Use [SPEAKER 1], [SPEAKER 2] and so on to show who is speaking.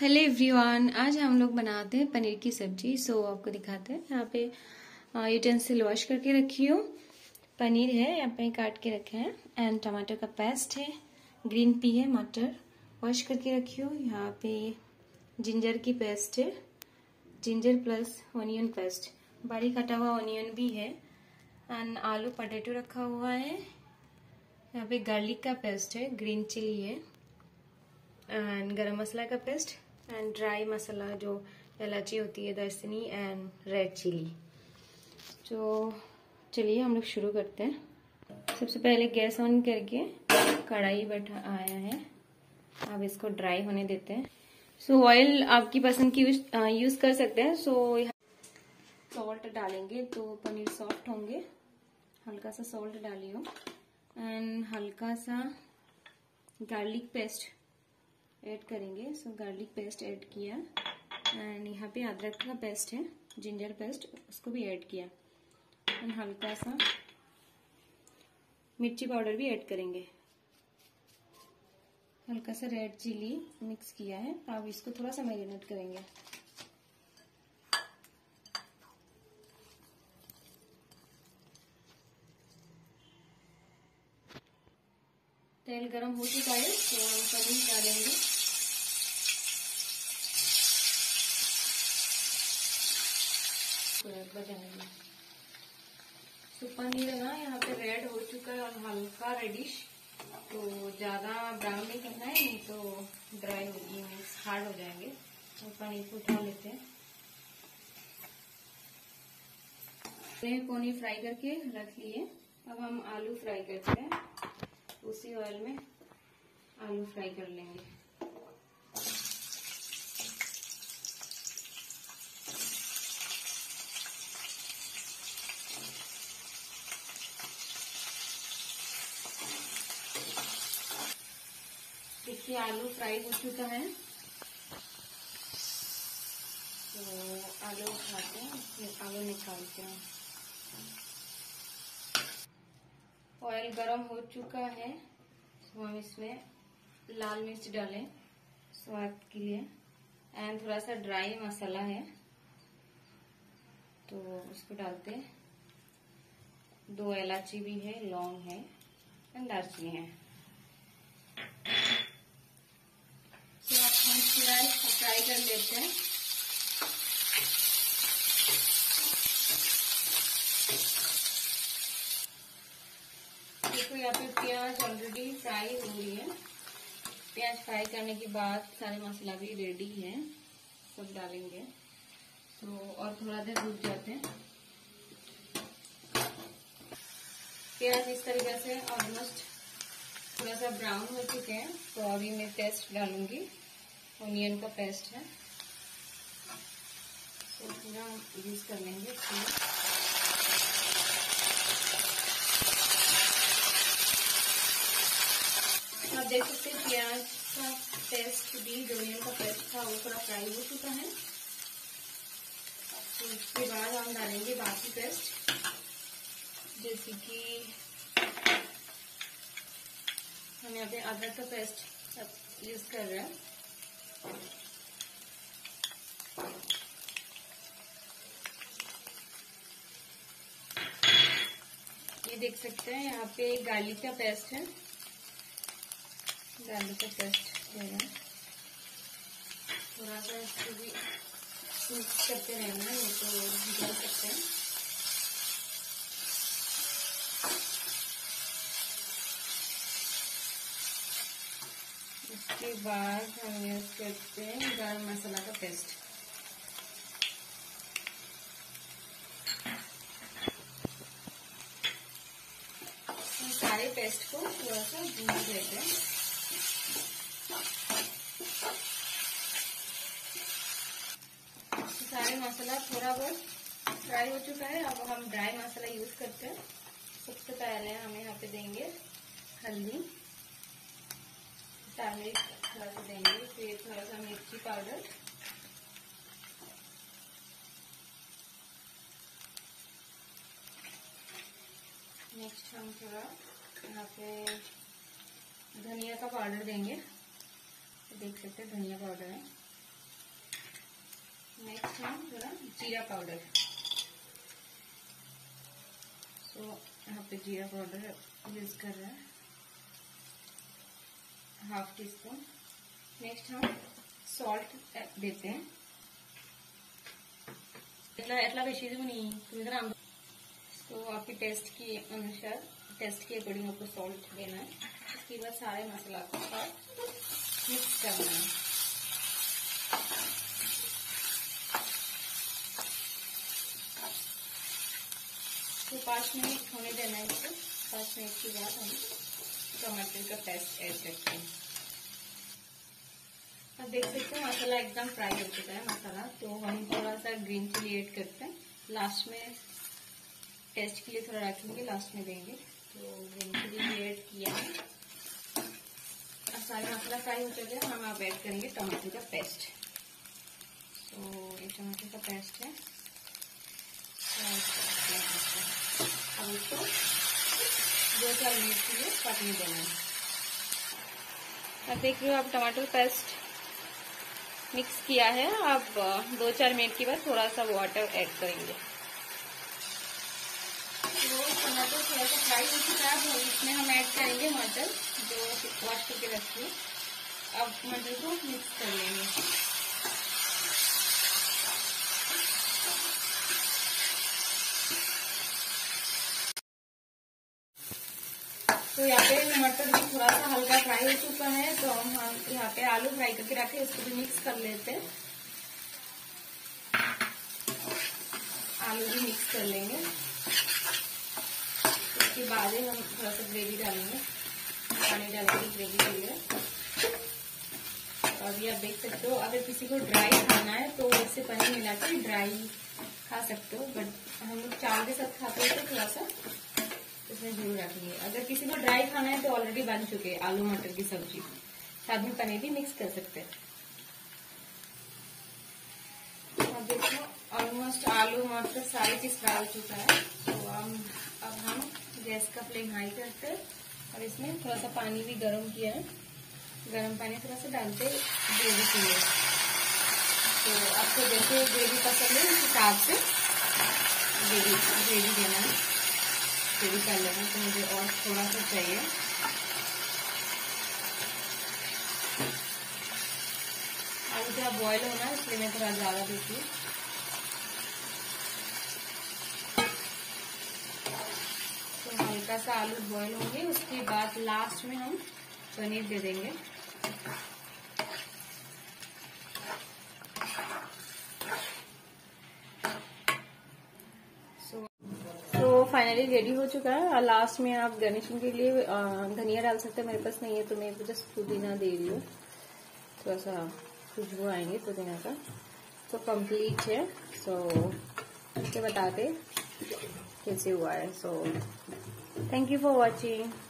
[SPEAKER 1] hello everyone आज हम लोग बनाते हैं पनीर की सब्जी सो आपको दिखाते हैं यहाँ पे यूटेंसिल वॉश करके रखी हूँ पनीर है यहाँ पे काट के रखे हैं एंड टमाटर का पेस्ट है ग्रीन पी है मटर वॉश करके रखी हो यहाँ पे जिंजर की पेस्ट है जिंजर प्लस ऑनियन पेस्ट बारीक कटा हुआ ऑनियन भी है एंड आलू पटेटो रखा हुआ है यहाँ पे गार्लिक का पेस्ट है ग्रीन चिली है एंड गरम मसाला का पेस्ट एंड ड्राई मसाला जो इलायची होती है दर्शनी एंड रेड चिली तो चलिए हम लोग शुरू करते हैं सबसे पहले गैस ऑन करके कढ़ाई बैठा आया है अब इसको ड्राई होने देते हैं सो so, ऑयल आपकी पसंद की यूज कर सकते हैं सो so, सॉल्ट डालेंगे तो पनीर सॉफ्ट होंगे हल्का सा सॉल्ट डालिए एंड हल्का सा गार्लिक पेस्ट ऐड करेंगे सो गार्लिक पेस्ट ऐड किया एंड यहाँ पे अदरक का पेस्ट है जिंजर पेस्ट उसको भी ऐड किया एंड हल्का सा मिर्ची पाउडर भी ऐड करेंगे हल्का सा रेड चिली मिक्स किया है अब इसको थोड़ा सा मैरिनेट करेंगे तेल गरम हो चुका है तो हम सभी डालेंगे बजाएंगे तो पनीर ना यहाँ पे रेड हो चुका है और हल्का रेडिश तो ज़्यादा ब्राउन नहीं करना है नहीं तो ड्राई होगी मीन्स हार्ड हो जाएंगे तो पनीर को उठा लेते हैं पनीर फ्राई करके रख लिए अब हम आलू फ्राई करते हैं उसी ऑयल में आलू फ्राई कर लेंगे देखिए आलू फ्राई हो चुका है तो आलू उठाते हैं आलू निकालते हैं ऑयल गरम हो चुका है तो हम इसमें लाल मिर्च डालें स्वाद के लिए एंड थोड़ा सा ड्राई मसाला है तो उसको डालते हैं दो इलायची भी है लौंग है एंड दालचीनी है कर लेते हैं देखो यहाँ पे प्याज ऑलरेडी फ्राई हो रही है प्याज फ्राई करने के बाद सारे मसाला भी रेडी है सब डालेंगे तो और थोड़ा देर रुक जाते हैं प्याज इस तरीके से ऑलमोस्ट थोड़ा सा ब्राउन हो चुके हैं तो अभी मैं पेस्ट डालूंगी ओनियन का पेस्ट है तो पूरा यूज कर लेंगे आप देख सकते हैं प्याज का पेस्ट भी जो ओनियन का पेस्ट था वो थोड़ा फ्राई हो चुका है तो उसके बाद हम डालेंगे बाकी पेस्ट जैसे कि हम यहाँ पे अदरक का पेस्ट यूज कर रहे हैं ये देख सकते हैं यहाँ पे गार्लिक का पेस्ट है गार्लिक का पेस्ट है थोड़ा सा इसको भी करते रहेंगे ये तो जल सकते हैं इसके बाद हम यूज करते हैं गरम मसाला का पेस्ट हम सारे पेस्ट को थोड़ा सा भून लेते हैं सारे मसाला थोड़ा बहुत फ्राई हो चुका है अब हम ड्राई मसाला यूज करते हैं सबसे पहले हम यहाँ पे देंगे हल्दी टर्मरिक थोड़ा सा देंगे फिर थोड़ा सा मिर्ची पाउडर नेक्स्ट हम थोड़ा यहाँ पे धनिया का पाउडर देंगे तो देख सकते हैं धनिया पाउडर है नेक्स्ट हम थोड़ा जीरा पाउडर सो यहाँ पे जीरा पाउडर यूज कर रहे हैं हाफ टी स्पून नेक्स्ट हम सॉल्ट eh, देते हैं इतना એટલા भी तो नहीं નહીં तुम्हें जरा तो आपके टेस्ट के अनुसार टेस्ट के अकॉर्डिंग आपको सॉल्ट देना है इसके बाद सारे मसाला को साथ मिक्स करना है तो पाँच मिनट होने देना है इसको पाँच मिनट के बाद हम टमाटर तो का पेस्ट ऐड करते हैं आप देख सकते हो मसाला एकदम फ्राई हो चुका है मसाला तो हम थोड़ा सा ग्रीन चिली ऐड करते हैं लास्ट में टेस्ट के लिए थोड़ा रखेंगे लास्ट में देंगे तो ग्रीन चिली भी ऐड किया है अब सारा मसाला फ्राई हो चुका है हम आप ऐड करेंगे टमाटर का पेस्ट तो ये टमाटर का पेस्ट है तो अब उसको दो चार मिनट के लिए पकने देना है अब देख रहे हो आप टमाटर पेस्ट मिक्स किया है आप दो चार मिनट के बाद थोड़ा सा वाटर ऐड करेंगे तो टमाटर थोड़ा सा फ्राई हो चुका है तो इसमें हम ऐड करेंगे मटर जो वाश करके रखिए अब मटर को मिक्स कर लेंगे तो यहाँ पे मटर भी थोड़ा सा हल्का फ्राई हो चुका है तो हम हम यहाँ पे आलू फ्राई करके रखे इसको भी मिक्स कर लेते हैं आलू भी मिक्स कर लेंगे उसके बाद ही हम थोड़ा सा ग्रेवी डालेंगे पानी डालेंगे ग्रेवी के लिए तो अभी आप देख सकते हो अगर किसी को ड्राई खाना है तो इससे पनीर मिला के ड्राई खा सकते हो बट हम लोग चावल के साथ खाते हैं तो थोड़ा सा इसमें जरूर रखेंगे अगर किसी को ड्राई खाना है तो ऑलरेडी बन चुके हैं आलू मटर की सब्जी साथ में पनीर भी मिक्स कर सकते हैं देखो ऑलमोस्ट आलू मटर सारी चीज डाल चुका है तो हम अब हम गैस का फ्लेम हाई करते हैं और इसमें थोड़ा सा पानी भी गर्म किया है गर्म पानी थोड़ा सा डालते ग्रेवी के लिए तो आपको जैसे ग्रेवी पसंद है उस हिसाब से ग्रेवी ग्रेवी देना है स्टडी कर लेना तो मुझे और थोड़ा सा चाहिए आलू थोड़ा बॉयल होना है इसलिए मैं थोड़ा ज़्यादा देती हूँ तो हल्का सा आलू बॉयल होंगे उसके बाद लास्ट में हम पनीर दे देंगे फाइनली रेडी हो चुका है और लास्ट में आप गार्निशिंग के लिए धनिया डाल सकते हैं मेरे पास नहीं है तो मैं जस्ट पुदीना दे रही हूँ थोड़ा सा खुशबू आएंगे पुदीना का तो कंप्लीट है सो so, बताते कैसे हुआ है so thank you for watching